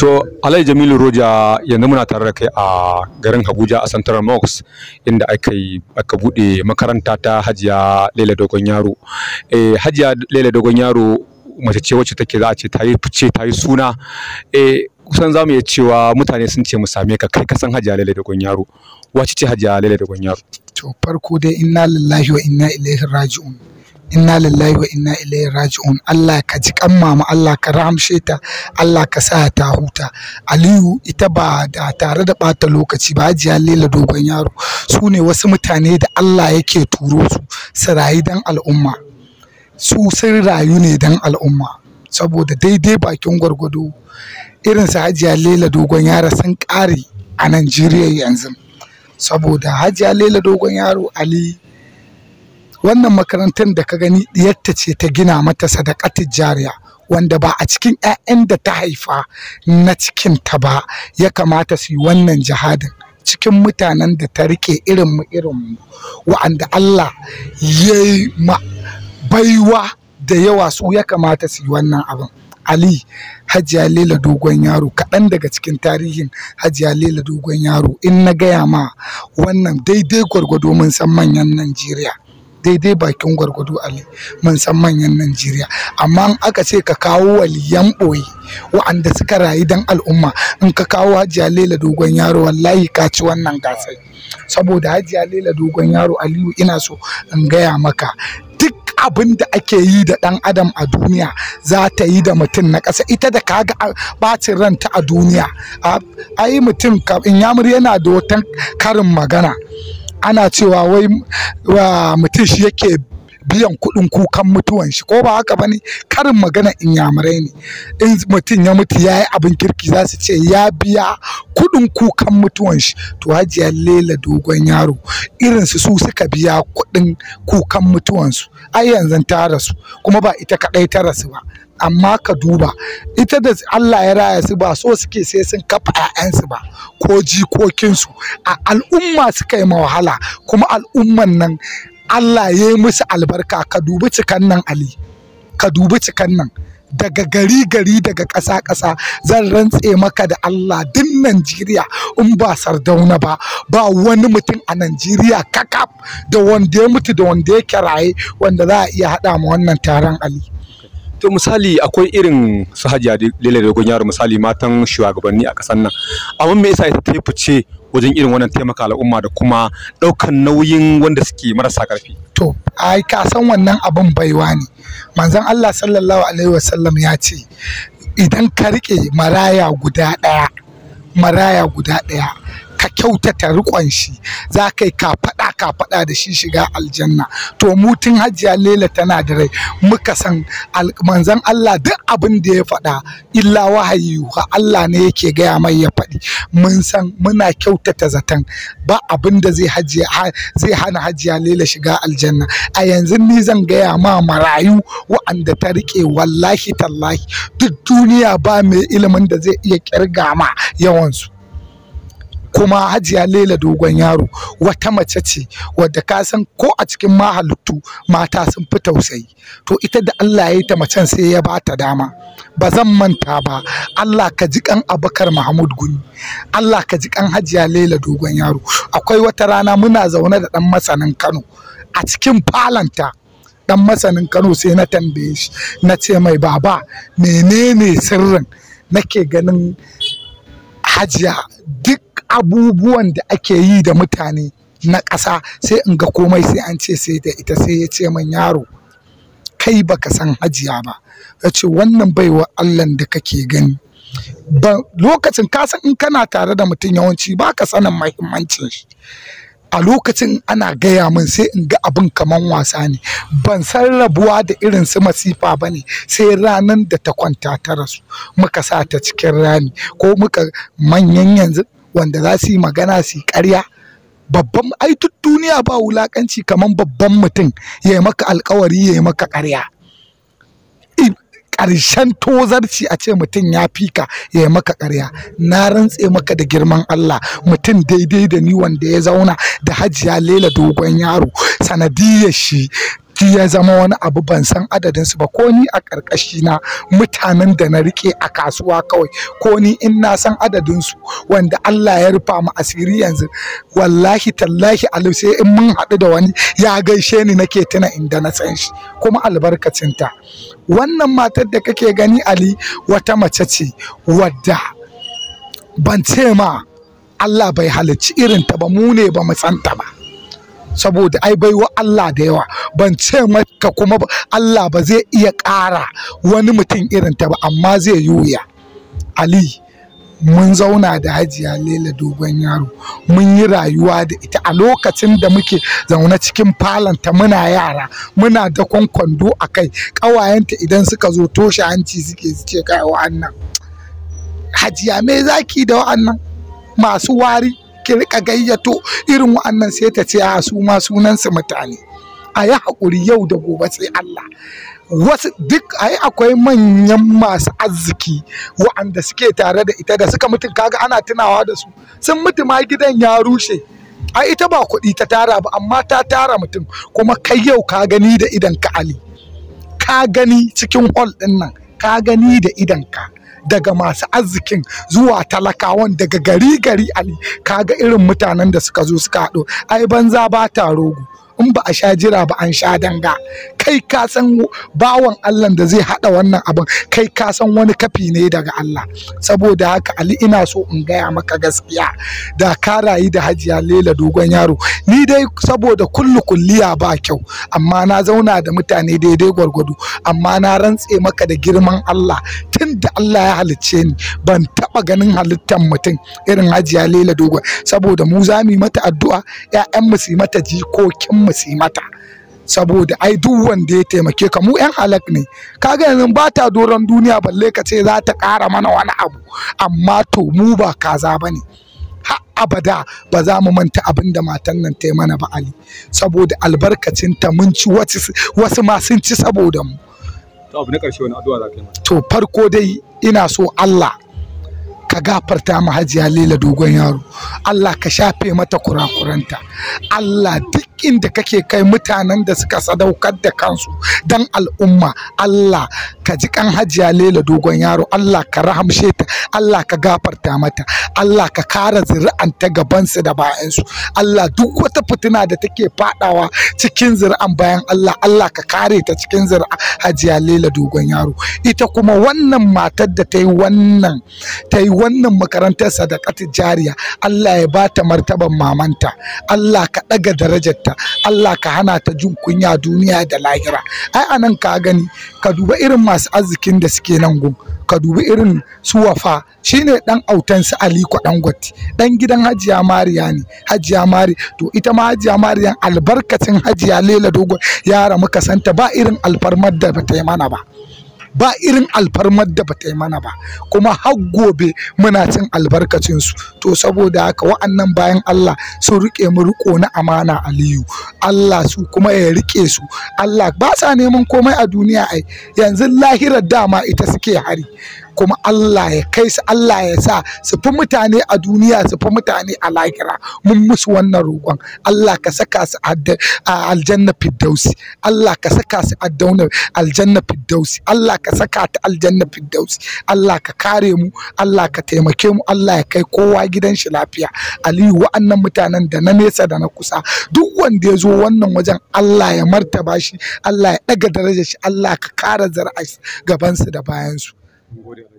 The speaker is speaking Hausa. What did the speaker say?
To Alhaji Jamilu Roja yanzu muna tare da kai a garin Abuja a Central Mox inda aka yi aka bude makaranta ta Hajiya Laila Dogon Yaro. Eh Hajiya Laila Dogon Yaro mace ce wacce take za a ce ta yi fice ta yi suna. Eh kusan za mu iya cewa mutane sun ce mu same ka kai kasan Hajiya Laila Dogon Yaro. Wace ce Hajiya Laila Dogon Yaro? To farko dai inna lillahi wa inna ilaihi raji'un. inna lillahi wa inna ilaihi raji'un Allah ka ji kan mama Allah ka rahamshe ta Allah ka sa ta huta Aliyu ita ba da tare da bata lokaci ba Hajiya Lela dogon yaro su ne wasu mutane da Allah yake turo su su rayu dan al'umma su sun rayu ne dan al'umma saboda daidai bakin gwargwado irin sa Hajiya Lela dogon yaro sun kare a Najeriya yanzu saboda Hajiya Lela dogon yaro Ali wannan makarantar da ka gani ɗiyarta ce ta gina mata sadakatin jariya wanda ba a cikin 'ya'yan da ta haifa na cikinta ba ya kamata su yi wannan jihadin cikin mutanen da ta rike irinmu irinmu wa'anda Allah ya yi baiwa da yawa su ya kamata su yi wannan abin Ali Hajiya Lela Dogon Yaro kaɗan daga cikin tarihin Hajiya Lela Dogon Yaro in na gaya ma wannan daidai gwargwado mun san manyan Najeriya daidai bakin gwargwado ali mun san manyan najeriya amma aka ce ka kawo waliyan ɓoye wa'anda suka rayu dan al'umma in ka kawo hajiya lela dogon yaro wallahi ka ci wannan gasai saboda hajiya lela dogon yaro aliyu ina so in gaya maka duk abin da ake yi da dan adam a duniya za ta yi da mutum na ƙasa ita da kaga bacin ranta a duniya ai mutum in yamur yana da wata karin magana ana cewa wai mutum shi yake biyan kuɗin kukan mutuwan shi ko ba haka bane karin magana inyamurai ne in mutum ya mutu ya yi abin kirki za su ce ya biya kuɗin kukan mutuwan shi to hajiya lela dogon yaro irin su su suka biya kuɗin kukan mutuwan su ai yanzu ta rasu kuma ba ita kaɗai ta rasu ba amma ka duba ita da Allah ya raya su ba so suke sai sun kafa 'ya'yansu ba ko jikokinsu a al'umma suka yi wahala kuma al'umman nan Allah ya yi musu albarka ka dubi cikan nan Ali ka dubi cikan nan daga gari gari daga ƙasa ƙasa zan rantse maka da Allah duk Najeriya in ba sardauna ba ba wani mutum a Najeriya kakaf da wanda ya mutu da wanda ya kiraye wanda za a iya haɗa ma wannan taron Ali. to misali akwai irin su hajiya lele dogon yaro misali matan shugabanni a ƙasar nan amma me yasa ta fice wajen irin wannan taimaka al'umma da kuma ɗaukan nauyin wanda suke marasa ƙarfi to ai ka san wannan abin baiwa ne manzon Allah sallallahu alaihi wasallam ya ce idan ka riƙe maraya guda ɗaya maraya guda ɗaya ka kyautata riƙon shi za ka yi ka aka faɗa da shi shiga aljanna to mu tun hajiya lela tana da rai muka san manzon Allah duk abin da ya faɗa illa wahayi ha Allah ne yake gaya mai ya faɗi mun san muna kyautata zaton ba abin da zai zai hana hajiya lela shiga aljanna a yanzu ni zan gaya ma marayu wa'anda ta riƙe wallahi tallahi duk duniya ba mai ilimin da zai iya ƙirga ma yawansu kuma hajiya lela dogon yaro wata mace ce wadda ka san ko a cikin mahalittu mata sun fi tausayi to ita da Allah ya yi ta macen sai ya ba ta dama ba zan manta ba Allah ka ji kan abakar mahmud guni Allah ka ji kan hajiya lela dogon yaro akwai wata rana muna zaune da dan masanin kano a cikin falanta dan masanin kano sai na tambaye shi na ce mai baba menene sirrin nake ganin hajiya duk abubuwan da ake yi da mutane na ƙasa sai in ga komai sai an ce sai da ita sai ya ce man yaro kai baka san hajiya ba ya ce wannan baiwa allan da kake gani ba lokacin kasan in kana tare da mutum yawanci ba ka sanin mahimmancin shi a lokacin ana gaya min sai in ga abin kaman wasa ne ban san rabuwa da irin su masifa ba ne sai ranar da ta kwanta ta rasu muka sa ta cikin rani ko muka manyan yanzu wanda za su yi magana su karya, babban ai duk duniya ba wulakanci kamar babban mutum ya maka alkawari ya maka karya? ƙarshen tozarci a ce mutum ya fika ya maka karya? na rantse maka da girman Allah mutum daidai da ni wanda ya zauna da hajiya lela dogon yaro sanadiyar shi ji ya zama wani abu ban san adadin su ba ko ni a karkashi na mutanen da na rike a kasuwa kawai ko ni in na san adadin su wanda Allah ya rufa mu asiri yanzu wallahi tallahi alu sai in mun haɗu da wani ya gaishe ni nake tuna inda na san shi kuma albarkacinta wannan matar da kake gani Ali wata mace ce wadda ban ce ma Allah bai halicci ta ba mu ne ba mu santa ba saboda ai baiwa Allah da yawa ban ce maka kuma Allah ba zai iya ƙara wani mutum irin ta ba amma zai yi Ali mun zauna da hajiya lela dogon yaro mun yi rayuwa da ita a lokacin da muke zaune cikin falanta muna yara muna da kwando a kai ƙawayenta idan suka zo toshe hanci suke suke kai wa'annan hajiya me zaki da wa'annan masu wari ki rika gayyato irin wa'annan sai ta ce a su ma sunansu mutane a yi haƙuri yau da gobe sai Allah wasu duk ai akwai manyan masu arziki wa'anda suke tare da ita da suka mutu kaga ana tunawa da su sun mutu ma gidan ya rushe A ita ba kuɗi ta tara ba amma ta tara mutum kuma kai yau ka gani da idan ka ali ka gani cikin hall ɗin nan ka gani da idan ka daga masu arzikin zuwa talakawan daga gari gari ali kaga irin mutanen da suka zo suka haɗo ai banza ba ta rogo in ba a sha jira ba an sha danga kai ka san bawan Allah da zai hada wannan abin kai ka san wani kafi ne daga Allah saboda haka Ali ina so in gaya maka gaskiya da ka rayu da Hajiya Lela dogon yaro ni dai saboda kullu kulliya ba kyau amma na zauna da mutane daidai gwargwado amma na rantse maka da girman Allah tun da Allah ya halicce ni ban taba ganin halittar mutum irin Hajiya Lela dogon saboda mu za mu yi mata addu'a 'ya'yan mu su yi mata jikokin mu su mata saboda ai duk wanda ya taimake ka mu yan halak ne kaga yanzu ba ta doron duniya balle ka ce za ta ƙara mana wani abu amma to mu ba kaza ba ne har abada ba za mu manta abin da matan nan ta yi mana ba ali saboda albarkacinta mun ci wasu ma sun ci saboda mu to farko dai ina so Allah ka gafarta ma hajiya Lila dogon yaro Allah ka shafe mata kurakuranta Allah duk Inda da kake kai mutanen da suka sadaukar da kansu dan al'umma Allah ka ji kan hajiya lela dogon yaro Allah ka rahamshe ta Allah ka gafarta mata Allah ka kara zuri'anta gabansu da bayansu Allah duk wata fitina da take fadawa cikin zuri'an bayan Allah Allah ka kare ta cikin zuri'a hajiya lela dogon yaro ita kuma wannan matar da ta yi wannan ta yi wannan makarantar sadakatu jariya Allah ya ba ta martaban mamanta Allah ka ɗaga darajarta ta Allah ka hana ta jin kunya duniya da lahira ai anan ka gani ka duba irin masu arzikin da suke nan gun ka dubi irin su wafa shine dan autan su Aliko Dangote dan gidan Hajiya Mariya ne Hajiya Mari to ita ma Hajiya Mariya albarkacin Hajiya Lela Dogo yara muka santa ba irin alfarmar da ba ta yi mana ba ba irin alfarmar da ba ta yi mana ba kuma har gobe muna cin albarkacin su to saboda haka wa'annan bayan Allah sun rike mu riko na amana Aliyu Allah su kuma ya rike su Allah ba sa neman komai a duniya ai yanzu lahirar dama ita suke hari kuma Allah ya kai su Allah ya sa su fi mutane a duniya su fi mutane a lahira mun musu wannan roƙon Allah ka saka su a aljanna fiddausi Allah ka saka su a daunar aljanna fiddausi Allah ka saka ta aljanna fiddausi Allah ka kare mu Allah ka taimake mu Allah ya kai kowa gidan shi lafiya Aliyu wa'annan mutanen da na nesa da na kusa duk wanda ya zo wannan wajen Allah ya martaba shi Allah ya ɗaga darajar shi Allah ka kara zar'a gabansu da bayansu Guri